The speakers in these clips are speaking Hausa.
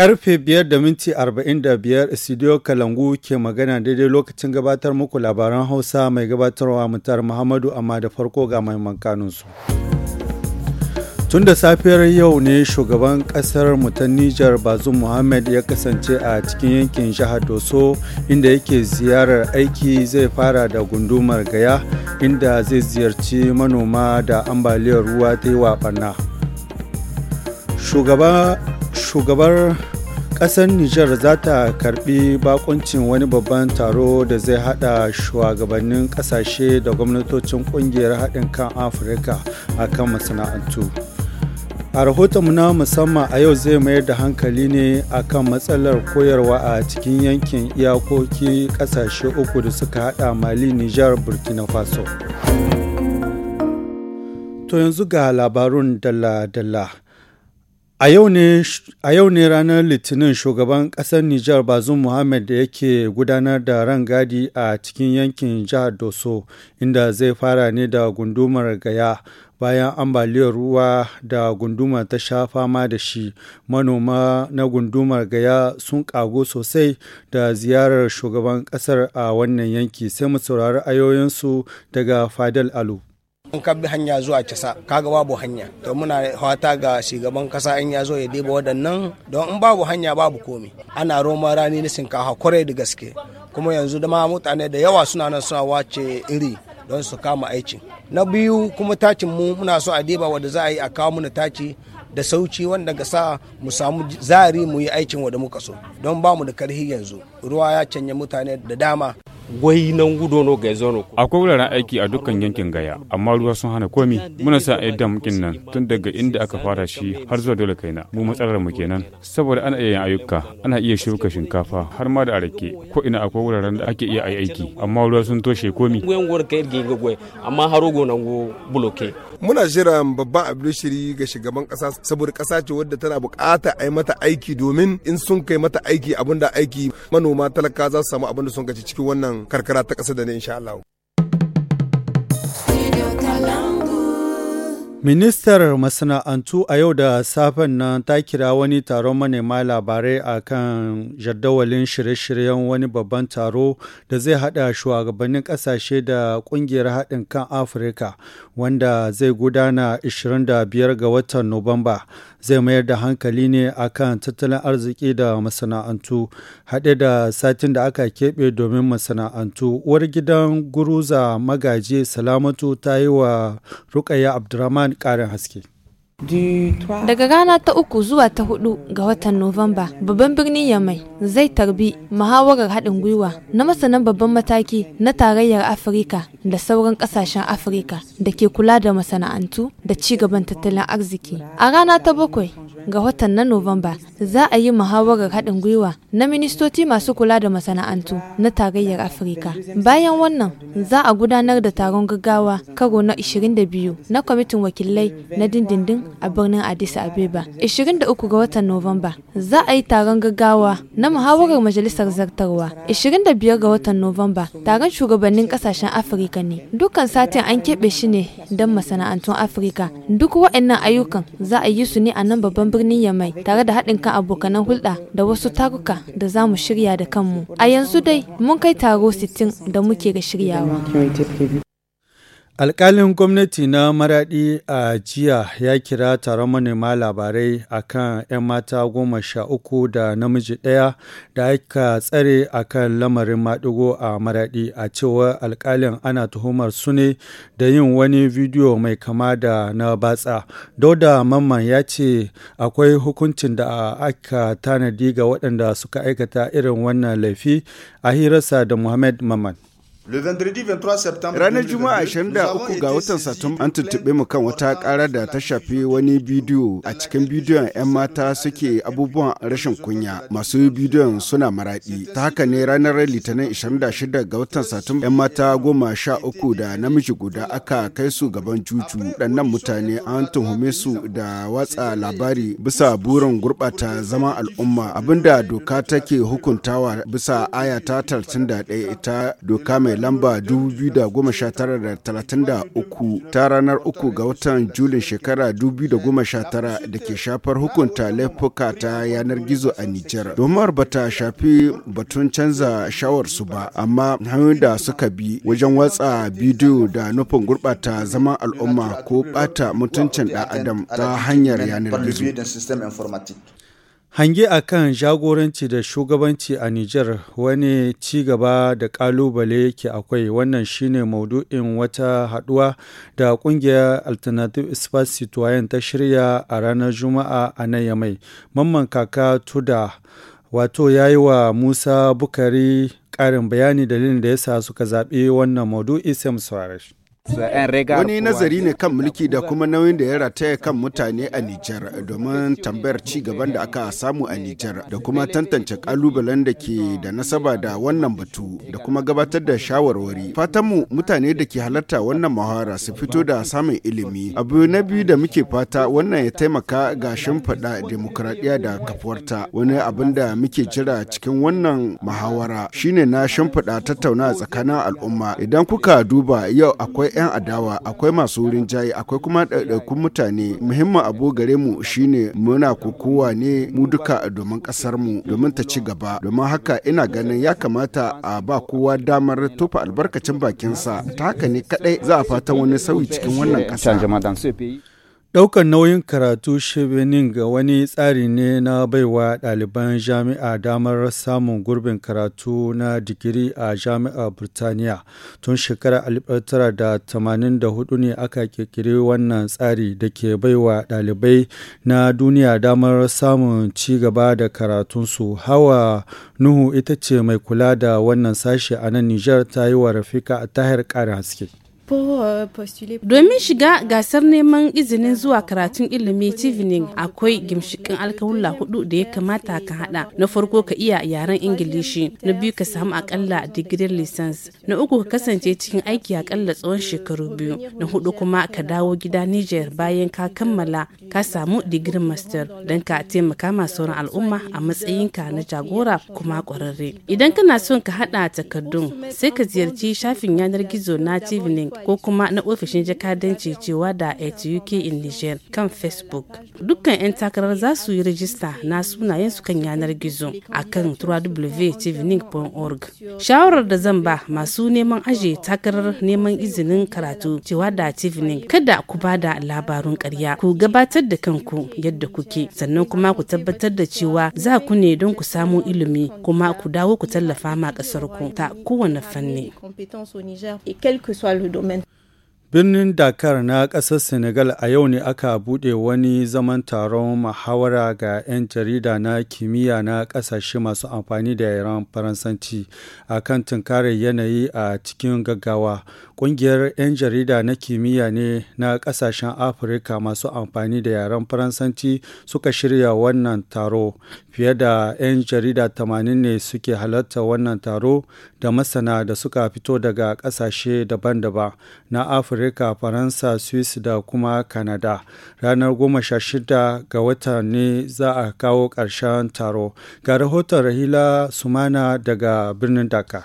Karfe 5 da minti 45 Studio Kalangu ke magana daidai lokacin gabatar muku labaran Hausa mai gabatarwa mutar Muhammadu amma da farko ga mahimman kanunsu. Tun da safiyar yau ne shugaban kasar ta Nijar bazu Muhammad ya kasance a cikin yankin jihar Doso inda yake ziyarar aiki zai fara da gundumar gaya inda zai ziyarci manoma da ambaliyar ruwa ta yi wa Shugabar Ƙasar Nijar za ta karbi bakuncin wani babban taro da zai hada shugabannin ƙasashe da gwamnatocin ƙungiyar haɗin kan Afirka a kan masana'antu. A rahotonmu na musamman a yau zai mayar da hankali ne a kan matsalar koyarwa a cikin yankin iyakoki ƙasashe uku da suka hada Mali, Nijar, Burkina Faso. To yanzu ga labarun dalla-dalla. A yau ne ranar Litinin shugaban ƙasar Nijar Bazoum Mohammed da yake gudanar da rangadi a cikin yankin jihar Doso, inda zai fara ne da gundumar Gaya. Bayan ambaliyar ruwa da gunduma ta sha fama da shi, manoma na gundumar Gaya sun kago sosai da ziyarar shugaban ƙasar a wannan yanki sai mu saurari ayoyinsu daga Fadel Alu. in ka bi hanya zuwa cisa kaga babu hanya to muna fata ga shugaban kasa in ya zo ya diba waɗannan don in babu hanya babu komi ana roma rani na shinkafa kwarai da gaske kuma yanzu da mutane da yawa suna nan suna wace iri don su kama aiki. na biyu kuma tacin mu muna so a deba wanda za a yi a kawo mana taci da sauci wanda ga sa mu samu zari mu yi aikin wanda muka so don ba mu da karhi yanzu ruwa ya canja mutane da dama wai nan gudono ga zono akwai wuraren aiki a dukkan yankin gaya amma ruwa sun hana komi muna sa a yadda mukin nan tun daga inda aka fara shi har zuwa dole kaina mu matsalar mu kenan saboda ana iya yin ayyuka ana iya shuka shinkafa har ma da arake ko ina akwai wuraren da ake iya aiki amma ruwa sun toshe komi amma haro gonan go buloke muna jiran babban shiri ga shugaban kasa saboda kasa ce wadda tana bukata a yi mata aiki domin in sun kai mata aiki abinda aiki manoma talaka za su samu abinda sun gaci cikin wannan karkara ta kasa da ne insha Allah Ministar masana'antu a yau da safen nan ta kira wani taron manema labarai a kan jadawalin shirye-shiryen wani babban taro da zai haɗa shugabannin ƙasashe da ƙungiyar haɗin kan Afirka wanda zai gudana 25 ga watan Nuwamba. Zai mayar da hankali ne a kan tattalin arziki da masana'antu haɗe da satin da aka keɓe domin masana'antu. Uwar gidan Guruza Magaji Salamatu ta yi wa Rukaya Abdurrahman ƙarin haske. Daga rana ta uku zuwa ta hudu ga watan Nuwamba, babban birnin Yamai zai tarbi muhawarar haɗin gwiwa na masanan babban mataki na tarayyar Afirka da sauran ƙasashen Afirka da ke kula da masana'antu da ci gaban tattalin arziki. A rana ta bakwai ga watan na Nuwamba za a yi muhawarar haɗin gwiwa na ministoci masu kula da masana'antu na tarayyar Afirka. Bayan wannan za a gudanar da taron gaggawa karo na 22 na kwamitin wakilai na dindindin a birnin Addis Abeba. 23 ga watan Nuwamba za a yi taron gaggawa na muhawarar majalisar zartarwa. 25 ga watan Nuwamba taron shugabannin ƙasashen Afirka ne. Dukkan satin an keɓe shi ne don masana'antun Afirka. Duk waɗannan ayyukan za a yi su ne a nan babban birnin Yamai tare da haɗin kan abokanan hulɗa da wasu taruka da za mu shirya da kanmu. A yanzu dai mun kai taro 60 da muke ga shiryawa. Alƙalin gwamnati na Maraɗi a jiya ya kira taron manema labarai a kan 'yan mata goma sha uku da namiji ɗaya da aka tsare a kan lamarin maɗigo a Maraɗi a cewa alƙalin ana tuhumar su ne da yin wani bidiyo mai kama da na batsa. Dauda Mamman ya ce akwai hukuncin da aka tanadi ga waɗanda suka aikata irin wannan laifi a hirarsa da Muhammad Mamman. Ranar Juma'a 23 ga watan Satumba an tuntuɓe mu kan wata ƙara da ta shafi wani bidiyo a cikin bidiyon 'yan mata suke abubuwan rashin kunya masu bidiyon suna maraɗi. Ta haka ne ranar Litinin 26 ga watan Satumba 'yan mata goma sha uku da namiji guda aka kai su gaban juju. Ɗannan mutane an tuhume su da watsa labari bisa burin gurɓata zaman al'umma abinda doka take hukuntawa bisa aya ta 31 ita doka mai lamba 2019 ta ranar 3 ga watan Julin shekara 2019 da ke shafar hukunta laifuka ta yanar gizo a Nijar. Domar ba ta shafi batun canza shawarsu ba, amma hanyoyin da suka bi wajen watsa bidiyo da nufin gurɓata zaman al'umma ko ɓata mutuncin ɗan adam ta hanyar yanar gizo. Hange a kan jagoranci da shugabanci a Nijar wani ci gaba da ƙalubale yake akwai wannan shine maudu'in wata haɗuwa da ƙungiyar Alternative Espace Citoyen ta shirya a ranar Juma'a a nan Yamai. Mamman kaka Tuda wato ya yi wa Musa Bukari karin bayani dalilin da ya sa suka zaɓi wannan maudu'i sai mu Wani nazari ne kan mulki da kuma nauyin da ya rataya kan mutane a Nijar domin tambayar ci gaban da aka samu a Nijar da kuma tantance kalubalen da ke da nasaba da wannan batu da kuma gabatar da shawarwari. mu, mutane da ke halarta wannan mahara su fito da samun ilimi. Abu na biyu da muke fata wannan ya taimaka ga shimfiɗa demokradiyya da kafuwarta. Wani abin da muke jira cikin wannan muhawara shine na shimfiɗa tattauna tsakanin al'umma. Idan kuka duba yau akwai 'yan adawa akwai masu wurin jayi akwai kuma ɗaiɗaikun mutane muhimmin abu gare mu shine muna kowa ne mu duka domin kasar mu domin ta ci gaba domin haka ina ganin ya kamata a ba kowa damar tofa albarkacin bakinsa ta haka ne kaɗai za a fatan wani sauyi cikin wannan ƙasa. Ɗaukar nauyin karatu ga wani tsari ne na baiwa ɗaliban jami'a damar samun gurbin karatu na digiri a jami'a Birtaniya. Tun shekarar 1984 ne aka kirkiri wannan tsari da ke baiwa ɗalibai na duniya damar samun ci gaba da karatunsu. Hawa Nuhu ita ce mai kula da wannan sashe a nan Nijar ta yi wa Rafika Tahir ƙarin haske. Eh, Domin shiga gasar neman izinin zuwa karatun ilimi tivinin akwai gimshikin alkawula hudu da ya kamata ka hada. Na farko ka iya yaren Ingilishi, na biyu ka samu akalla digirin lisans, na uku ka kasance cikin aiki akalla tsawon shekaru biyu, na hudu kuma ka dawo gida Niger bayan ka kammala ka samu digirin master don ka taimaka ma sauran al'umma a matsayinka na jagora kuma kwararre. Idan kana son ka hada takardun sai ka ziyarci shafin yanar gizo na tivining. ko kuma na ofishin jakadanci cewa da at uk in niger kan facebook dukkan 'yan takarar za su yi rijista na sunayen su kan yanar gizo a kan www.tvning.org shawarar da zan ba masu neman aje takarar neman izinin karatu cewa da tvning kada ku ba da labarun karya ku gabatar da kanku yadda kuke sannan kuma ku tabbatar da cewa za ku ne don ku samu ilimi kuma ku dawo ku tallafa ma kasar ku ta kowane fanni Birnin Dakar na ƙasar Senegal a yau ne aka buɗe wani zaman taron muhawara ga 'yan jarida na kimiyya na ƙasashe masu amfani da yaren Faransanci a kan tunkarar yanayi a cikin gaggawa. Ƙungiyar 'yan jarida na kimiyya ne na ƙasashen Afirka masu amfani da yaren Faransanci suka shirya wannan taro. Fiye da 'yan jarida 80 ne suke halarta wannan taro da masana da suka fito daga ƙasashe daban-daban na Afirka, Faransa, Swiss da kuma Canada. Ranar 16 ga wata ne za a kawo ƙarshen taro. Ga rahoton Rahila Sumana daga birnin Dakar.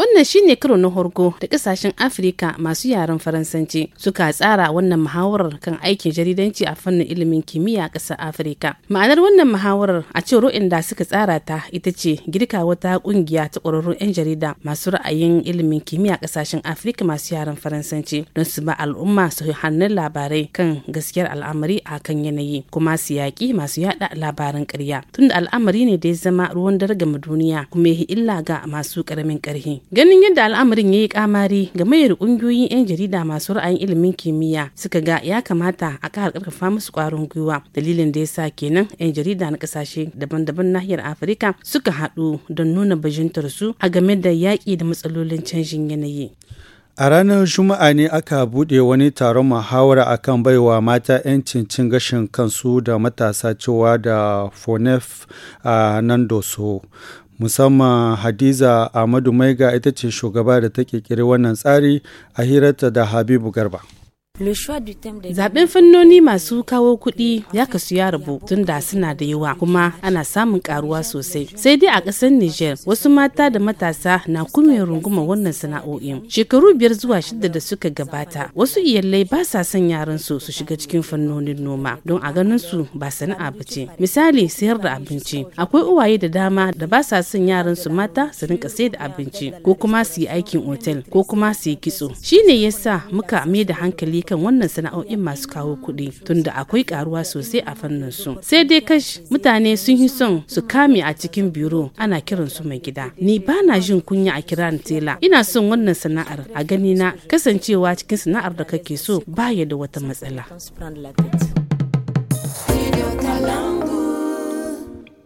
Wannan shine karo na horgo da kasashen Afirka masu yaren Faransanci suka tsara wannan muhawarar kan aikin jaridanci a fannin ilimin kimiyya ƙasar Afirka. Ma'anar wannan muhawarar a ce ro'in da suka tsara ta ita ce girka wata kungiya ta ƙwararrun 'yan jarida masu ra'ayin ilimin kimiyya kasashen Afirka masu yaren Faransanci don su ba al'umma su hannun labarai kan gaskiyar al'amari a kan yanayi kuma su yaƙi masu yaɗa labaran ƙarya tunda al'amari ne da ya zama ruwan dargama duniya kuma ya illa ga masu ƙaramin ƙarhi. ganin yadda al'amarin ya yi kamari game da kungiyoyin 'yan jarida masu ra'ayin ilimin kimiyya suka ga ya kamata a ƙara ƙarfafa musu ƙwarin gwiwa dalilin da ya sa kenan 'yan jarida na kasashe daban-daban nahiyar afirka suka haɗu don nuna bajintar su a game da yaƙi da matsalolin canjin yanayi a ranar juma'a ne aka buɗe wani taron muhawara akan baiwa mata 'yancin cin gashin kansu da matasa cewa da fonef a nan doso musamman hadiza ahmadu maiga ita ce shugaba da ta kirkiri wannan tsari a hirarta da habibu garba Zaben fannoni masu kawo kuɗi ya kasu ya rabu tun da suna da yawa kuma ana samun karuwa sosai. Sai dai a ƙasar Niger wasu mata da matasa na kuma runguma wannan sana'o'in. Shekaru biyar zuwa shida da suka gabata wasu iyalai ba sa son yaran su shiga cikin fannonin noma don a ganin su ba sana'a ba ce. Misali sayar da abinci. Akwai uwaye da dama da ba sa son yaran mata su rinka sayar da abinci ko kuma su yi aikin otal ko kuma su yi kitso. Shine yasa muka mai da hankali dukkan wannan sana'o'in masu kawo kuɗi tunda akwai karuwa sosai a fannin su sai dai kash mutane sun yi son su kame a cikin biro ana kiran su mai gida ni ba na jin kunya a kiran tela ina son wannan sana'ar a gani na kasancewa cikin sana'ar da kake so baya da wata matsala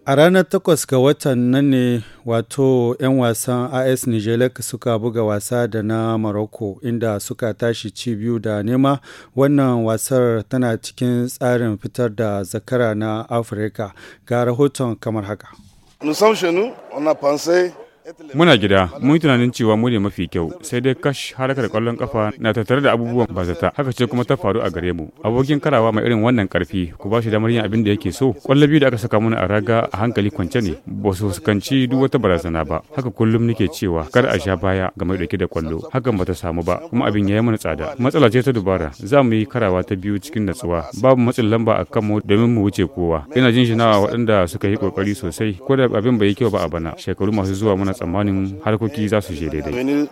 A ranar takwas ga watan nan ne wato 'yan wasan AS Nijelek suka buga wasa da na Morocco inda suka tashi ci biyu da nema wannan wasar tana cikin tsarin fitar da zakara na Afirka ga rahoton kamar haka. Nous sommes chez nous, Muna gida, mun yi tunanin cewa mu ne mafi kyau, sai dai kash harkar kwallon kafa na tattare da abubuwan bazata. Haka ce kuma ta faru a gare mu. Abokin karawa mai irin wannan karfi, ku ba shi damar yin abin da yake so. Kwallo biyu da aka saka mana a raga a hankali kwance ne, ba su fuskanci duk wata barazana ba. Haka kullum nake cewa kar a sha baya ga mai dauke da kwallo. Hakan bata samu ba, kuma abin ya yi mana tsada. Matsala ce ta dubara, za mu yi karawa ta biyu cikin natsuwa. Babu matsin lamba a kanmu domin mu wuce kowa. Ina jin shi na waɗanda suka yi kokari sosai, ko da abin bai yi kyau ba a bana. Shekaru masu zuwa muna tsammanin harkoki za su je daidai.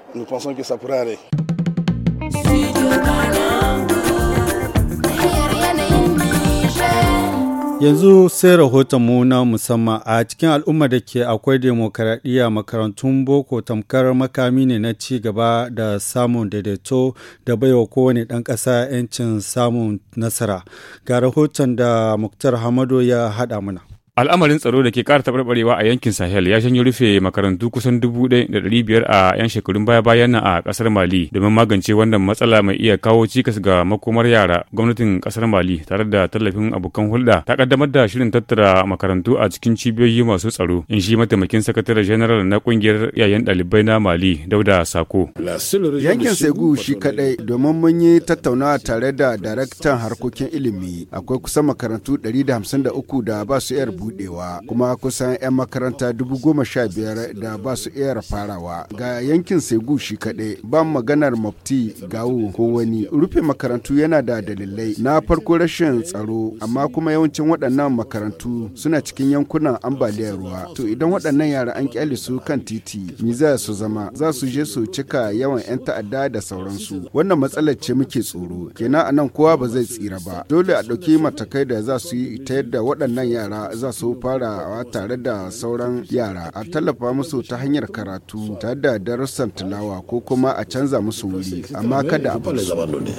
Yanzu sai rahoton mu na musamman a cikin al'ummar da ke akwai demokaradiyya makarantun boko tamkar makami ne na ci gaba da samun daidaito da baiwa kowane ɗan ƙasa 'yancin samun nasara. Ga rahoton da Muktar Hamado ya haɗa mana. Al'amarin tsaro da ke kara taɓarɓarewa a yankin Sahel ya janyo rufe makarantu kusan dubu da ɗari biyar a 'yan shekarun baya-bayan nan a ƙasar Mali domin magance wannan matsala mai iya kawo cikas ga makomar yara. Gwamnatin ƙasar Mali tare da tallafin abokan hulɗa ta ƙaddamar da shirin tattara makarantu a cikin cibiyoyi masu tsaro. In shi mataimakin sakatare jeneral na ƙungiyar yayan ɗalibai na Mali Dauda Sako. Yankin Segu shi kaɗai domin mun yi tattaunawa tare da daraktan harkokin ilimi akwai kusan makarantu ɗari da hamsin da uku da ba su iya budewa kuma kusan 'yan makaranta dubu goma sha biyar da ba su iya farawa ga yankin segu shi kaɗai ban maganar mafti gawo ko wani rufe makarantu yana da dalilai na farko rashin tsaro amma kuma yawancin waɗannan makarantu suna cikin yankunan ambaliyar ruwa to idan waɗannan yara an kyale su kan titi me za su zama za su je su cika yawan 'yan ta'adda da sauransu wannan matsalar ce muke tsoro kenan anan kowa ba zai tsira ba dole a ɗauki matakai da za su yi ta yadda waɗannan yara za za su farawa tare da sauran yara a tallafa musu ta hanyar karatu tare da darussan tilawa ko kuma a canza musu wuri amma kada a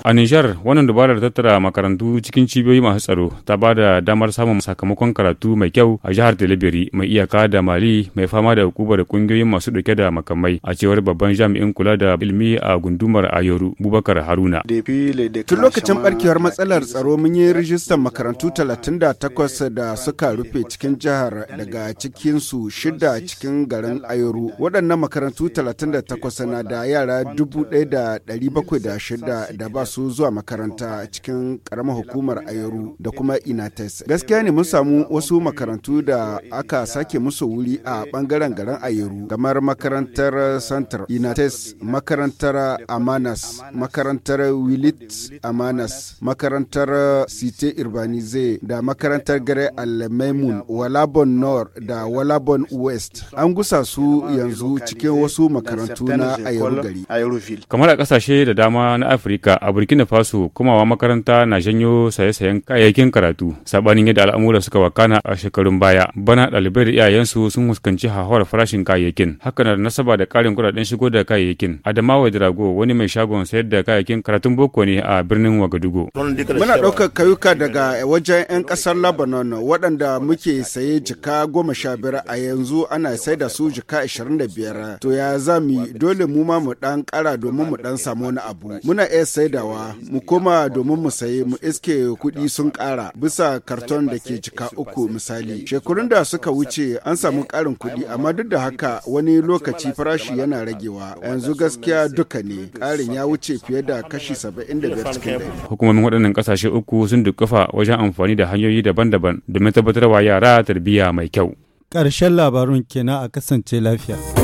a nijar wannan dabarar tattara makarantu cikin cibiyoyi masu tsaro ta ba da damar samun sakamakon karatu mai kyau a jihar Deliberi mai iyaka da Mali mai fama da hukumar kungiyoyin masu dauke da makamai a cewar babban jami'in kula da ilimi a gundumar Ayoru Bubakar Haruna. Tun lokacin barkewar matsalar tsaro mun yi rijistar makarantu 38 da suka rufe cikin jihar daga cikinsu shida cikin garin Ayoro. Waɗannan makarantu 38 na da yara 1,706 da ba su zuwa makaranta cikin ƙaramar hukumar Ayoro da kuma Inates. Gaskiya ne mun samu wasu makarantu da aka sake musu wuri a ɓangaren garin Ayoro kamar makarantar Santar, Inates, makarantar Amanas, makarantar Wilit Amanas, makarantar Site Urbanize da makarantar Gare al Wallabon, North da Wallabon West an gusa su yanzu cikin wasu makarantu na Ayeru gari. Kamar a ƙasashe da dama na Afirka a Burkina Faso komawa makaranta na janyo saye-sayen kayayyakin karatu sabanin yadda al'amura suka wakana a shekarun baya. Bana ɗalibai da iyayensu sun fuskanci hahawar farashin kayayyakin. haka na da nasaba da ƙarin kuɗaɗen shigo da kayayyakin. Adamawa Drago wani mai shagon sayar da kayayyakin karatun boko ne a birnin Wagadugo. Muna ɗaukar kayuka daga wajen 'yan ƙasar labanon waɗanda muke ake saye jika goma sha biyar a yanzu ana sai da su jika ashirin da biyar to ya za mu dole mu ma mu dan kara domin mu dan samu wani abu muna iya saidawa mu koma domin mu saye mu iske kuɗi sun kara bisa karton da ke jika uku misali shekarun da suka wuce an samu karin kuɗi amma duk da haka wani lokaci farashi yana ragewa yanzu gaskiya duka ne karin ya wuce fiye da kashi saba'in da biyar cikin ɗari hukumomin waɗannan ƙasashe uku sun dukkafa wajen amfani da hanyoyi daban-daban domin tabbatarwa ya yara tarbiyya mai kyau. Ƙarshen labarun kenan a kasance lafiya.